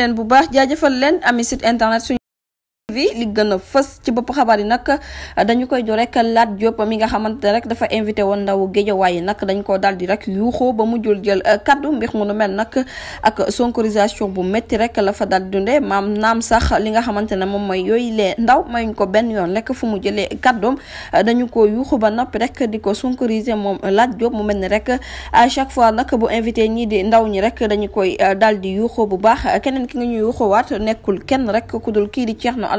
leen bu baax jaajëfal leen ami internet suñu li gën a fës ci bopp xabaar yi nag dañu koy jo rek Lat Diop mi nga xamante rek dafa invité woon ndaw Géejawaay yi nag dañ ko daal di rek yuuxoo ba mujjul jël euh, kaddu mbir mu nu mel nag ak sonkorisation bu métti rek la fa daal dundee maam naam sax li nga xamante ne moom mooy yooyu lee ndaw mayuñ ko benn yoon rek fu mu jëlee kaddoom dañu ko yuuxu ba noppi rek di ko sonkoriser moom Lat Diop mu mel ni rek à fois nag bu invité ñii di ndaw ñi rek dañu koy euh, daal di yuuxoo bu baax keneen ki nga ñu yuuxoowaat nekkul kenn rek ku dul kii di Thierno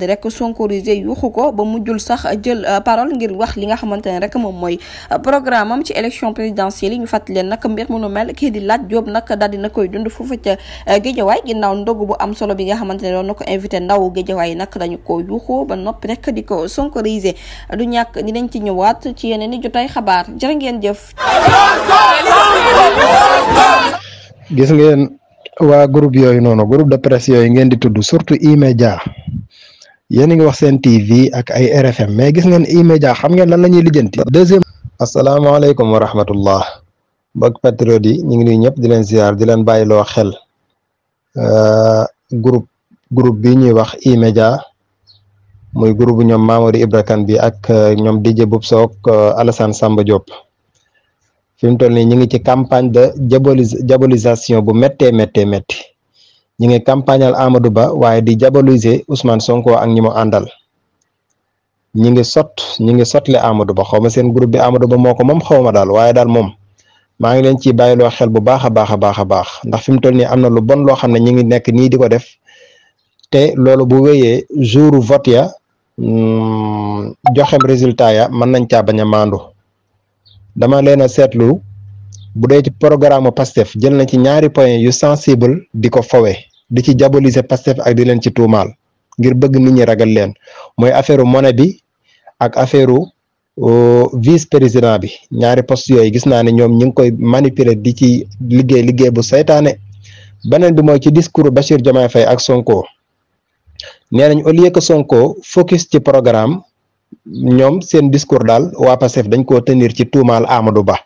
daldi rek sonkorisé yuuxu ko ba mu jul sax jël euh, parole ngir wax li nga xamante ne rek moom mooy euh, programme am ci élection présidentielle yi ñu fàttali leen nag mbir mu nu mel kii di laaj Diop nag daldi dina koy dund foofu ca euh, Géejawaay ginnaaw ndog bu am solo bi nga xamante ne doon na ko invité ndaw Géejawaay nag dañu ko yuuxoo ba noppi rek di ko sonkorisé du ñàkk dinañ ci ñëwaat ci yeneen i jotaay xabaar jërë ngeen jëf. gis ngeen waa groupe yooyu noonu groupe de presse yooyu ngeen di tudd surtout E-Media yéen nga wax sen TV ak ay RFM mais gis ngeen e xam ngeen lan lañuy lijeenti deuxième assalamu alaykum wa rahmatullah bak patrodi ñi ngi nuyu ñep di len ziar di len bayilo xel euh, groupe groupe bi ñuy wax e moy groupe ñom Mamadou Ibra bi ak euh, ñom DJ bob sok euh, Alassane Samba Diop fim tolni ñi ngi ci campagne de diabolisation bu metté metté métti. ñi ngi campagnal Amadou Ba waaye di diaboliser Ousmane Sonko ak ñi mu àndal ñi ngi sot ñi ngi sotle Amadou Ba xaw ma seen groupe bi Amadou Ba moo ko moom xaw ma daal waaye daal moom maa ngi leen ciy bàyyiloo xel bu baax a baax a baax a baax ndax fi mu toll nii am na lu bon loo xam ne ñi ngi nekk nii di ko def te loolu bu wéyee jour vote ya mm, joxem résultat ya mën nañ caa bañ a maandu dama leen a seetlu bu dee ci programme Pastef jël na ci ñaari point yu sensible di ko fowe di ci diaboliser Pastef ak di leen ci tuumaal ngir bëgg nit ñi ragal leen mooy affaire monnaie bi ak affaire euh, vice président bi ñaari post yooyu gis naa ne ñoom ñu ngi koy manipuler di ci liggéey liggéey bu saytaane beneen bi mooy ci discours Bachir Diomaye fay ak Sonko nee nañ au lieu que Sonko focus ci programme ñoom seen discours daal waa Pastef dañ koo tenir ci tuumaal Amadou Ba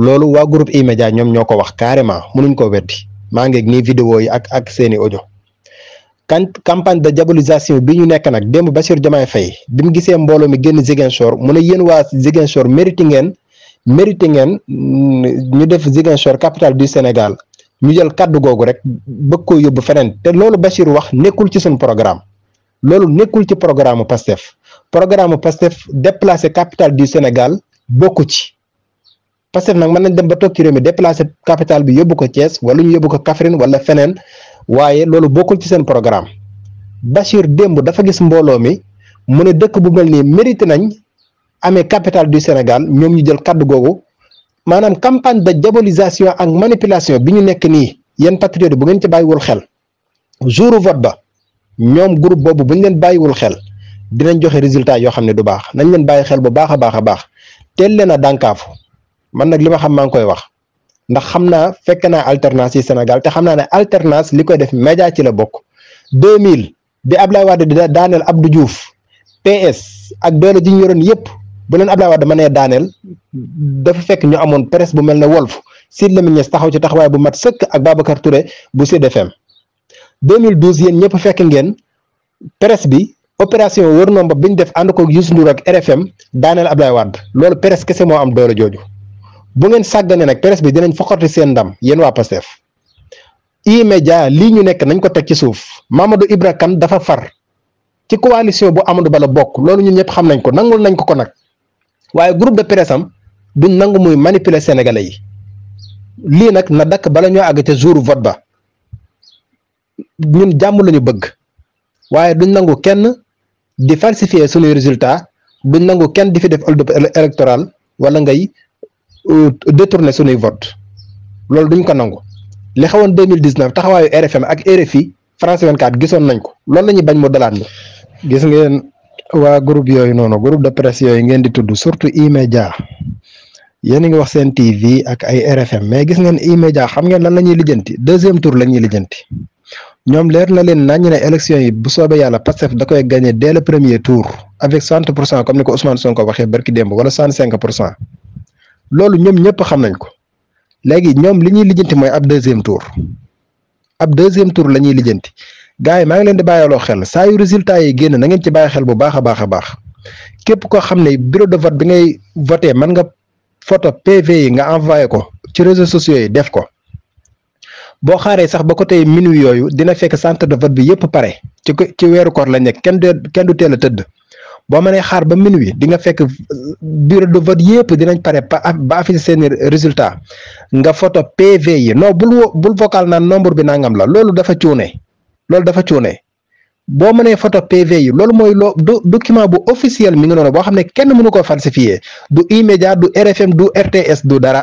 loolu waa groupe E-Media ñoom ñoo ko wax carrément mënuñ ko weddi maa ngeeg nii vidéo yi ak ak seeni ojo kant campagne de diabolisation bi ñu nekk nag démb Bassirou Diomaye fay bi mu gisee mbooloo mi génn Ziguinchor mu ne yéen waa Ziguinchor ngeen mérité ngeen mm, ñu def Ziguinchor capital du Sénégal ñu jël kàddu googu rek bëgg ko yóbbu feneen te loolu Bassirou wax nekkul ci seen programme loolu nekkul ci programme PASTEF programme PASTEF déplacer capital du Sénégal bokku ci Pastef nag mën nañ dem ba toog ci réew mi déplacer capital bi yóbbu ko Thiès wala ñu yóbbu ko Kaffrine wala feneen waaye loolu bokkul ci seen programme Bachir démb dafa gis mbooloo mi mu ne dëkk bu mel nii mérité nañ amee capital du Sénégal ñoom ñu jël kàddu googu maanaam campagne de diabolisation ak manipulation bi ñu nekk nii yéen patriote bu ngeen ci bàyyiwul xel jour vote ba ñoom groupe boobu bu ñu leen bàyyiwul xel dinañ joxe résultat yoo xam ne du baax nañ leen bàyyi xel bu baax a baax a baax teel leen a dànkaafu man nak lima xam maa ngi koy wax ndax xamna fekk na alternance ci Sénégal te xamna na alternance likoy def média ci la bok 2000 bi ablay Wade di daaneel Abdou Diouf PS ak doole ji ñu yoroon yëpp bu len ablay Wade mané daaneel dafa fekk ñu amone presse bu melne wolf sid Lamine Niasse taxaw ci taxaway bu mat seuk ak Babacar Touré bu Sud FM 2012 yéen ñëpp fekk ngeen presse bi opération wër nomba bi def ànd ko Youssou ak RFM daaneel ablay Wade lolu presse kesse mo am doole jooju. bu ngeen sàggane nak presse bi dinañ foqati seen ndam yeen wa Pastef immédiat li ñu nek nañ ko tek ci suuf Mamadou Ibra dafa far ci coalition bu Amadou bala bok lolu ñun ñep xam nañ ko nangul nañ ko ko nak waye groupe de presse am duñ nang muy manipuler sénégalais yi li nak na dak bala ñu àgg ca jour vote ba ñun jamm lañu bëgg waye duñ nangu kenn di falsifier sunu résultat duñ nangu kenn di fi def électoral wala ngay Euh, détourner sunuy vote loolu duñ ko nangu li xewoon 2019 taxawaayu RFM ak RFI France 24 gisoon nañ ko loolu la ñuy bañ mu dalaat ñu gis ngeen waa groupe yooyu noonu groupe de presse yooyu ngeen di tudd surtout E-Media a ngi wax seen TV ak ay RFM mais gis ngeen e xam ngeen lan la ñuy lijjanti deuxième tour la ñuy lijjanti ñoom leer na leen nañu ne élection yi bu soobee yàlla Pastef da koy gagné dès premier tour avec pour cent comme ni ko Ousmane waxee barki démb wala 65 pour cent. loolu ñoom ñëpp xam nañ ko léegi ñoom li ñuy lijjanti mooy ab deuxième tour ab deuxième tour la ñuy lijjanti gars yi maa ngi leen di loo xel saa yu résultat yi génn na ngeen ci bàyyi xel bu baax a baax a baax képp koo xam ne bureau de vote bi ngay voté mën nga photo PV yi nga envoyé ko ci réseaux sociaux yi def ko boo xaaree sax ba côté minu yooyu dina fekk centre de vote bi yëpp pare ci ci weeru koor la nekk kenn du kenn du teel a tëdd. boo mënee xaar ba minuit di nga fekk euh, bureau de vote yëpp dinañ pare ba affiché seeni résultat nga photo PV yi non bul bul vocal naan nombre bi nangam la loolu dafa cuune loolu dafa cuune boo mënee photo PV yi loolu mooy loo du document bu officiel mi ngi noonu boo xam ne kenn mënu ko falsifier du E-Media du RFM du RTS du dara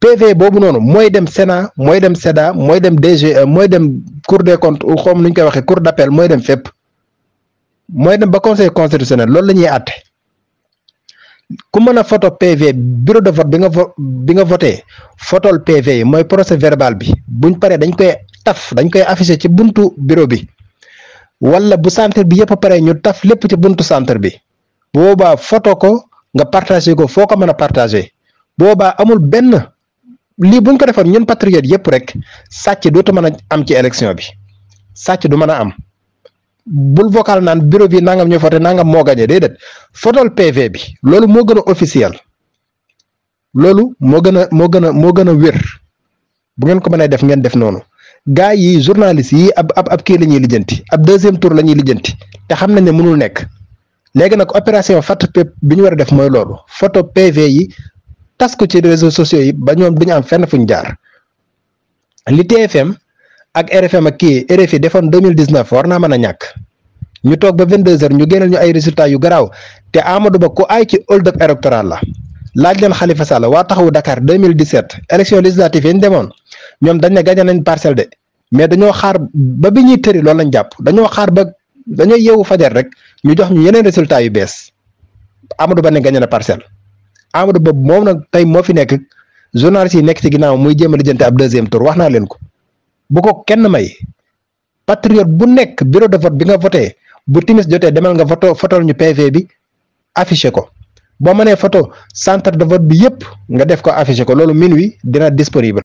PV boobu noonu mooy dem Sénat mooy dem SEDA mooy dem DG e, mooy dem Cour des comptes xom nu ñu koy waxee Cour d'appel mooy dem fépp mooy dem ba conseil constitutionnel loolu lañuy ñuy ku mën a photo PV bureau de vote bi nga vo bi nga voté photol PV yi mooy procès verbal bi buñ paree dañ koy taf dañ koy affiché ci buntu bureau bi wala bu centre bi yëpp pare ñu taf lépp ci buntu centre bi boobaa photo ko nga partagé ko foo ko mën a partagé boobaa amul benn lii buñ ko defoon ñun patriote yëpp rek sàcc dootu mën a am ci élection bi sàcc du mën a am. bul vocal naan bureau bi nangam ñu voté nangam moo gagné déedéet fotol PV bi loolu moo gën a officiel loolu moo gën a moo gën a moo gën a wér bu ngeen ko mënee def ngeen def noonu gars yi journaliste yi ab ab ab kii la ñuy lijjanti ab deuxième tour la ñuy lijjanti te xam nañ ne mënul nekk léegi nag opération fatt pep bi ñu war a def mooy loolu photo PV yi tas ko ci réseaux sociaux yi ba ñoom duñu am fenn fuñ jaar li TFM ak RFM ak kii RFI defoon 2019 war naa mën a ñàkk ñu toog ba 22h ñu génneel ñu ay résultats yu garaaw te Amadou Ba ku aay ci hold up électoral la laaj leen xalifa Sall waa taxawu Dakar 2017 élection législative yi ñu demoon ñoom dañ ne gagné nañ parcelle de mais dañoo xaar ba bi ñuy tëri loolu lañ jàpp dañoo xaar ba dañoo yeewu fajar rek ñu jox ñu yeneen résultats yu bees Amadou Ba ne gagné na parcelle Amadou Ba moom nag tey moo fi nekk journaliste yi nekk ci ginnaaw muy jéem a lijjanti ab deuxième tour wax naa leen ko. bu ko kenn may patriote bu nekk bureau de vote bi nga voté bu timis jotee demal nga voto fotol ñu PV bi affiché ko boo mënee photo centre de vote bi yëpp nga def ko affiché ko loolu minuit dina disponible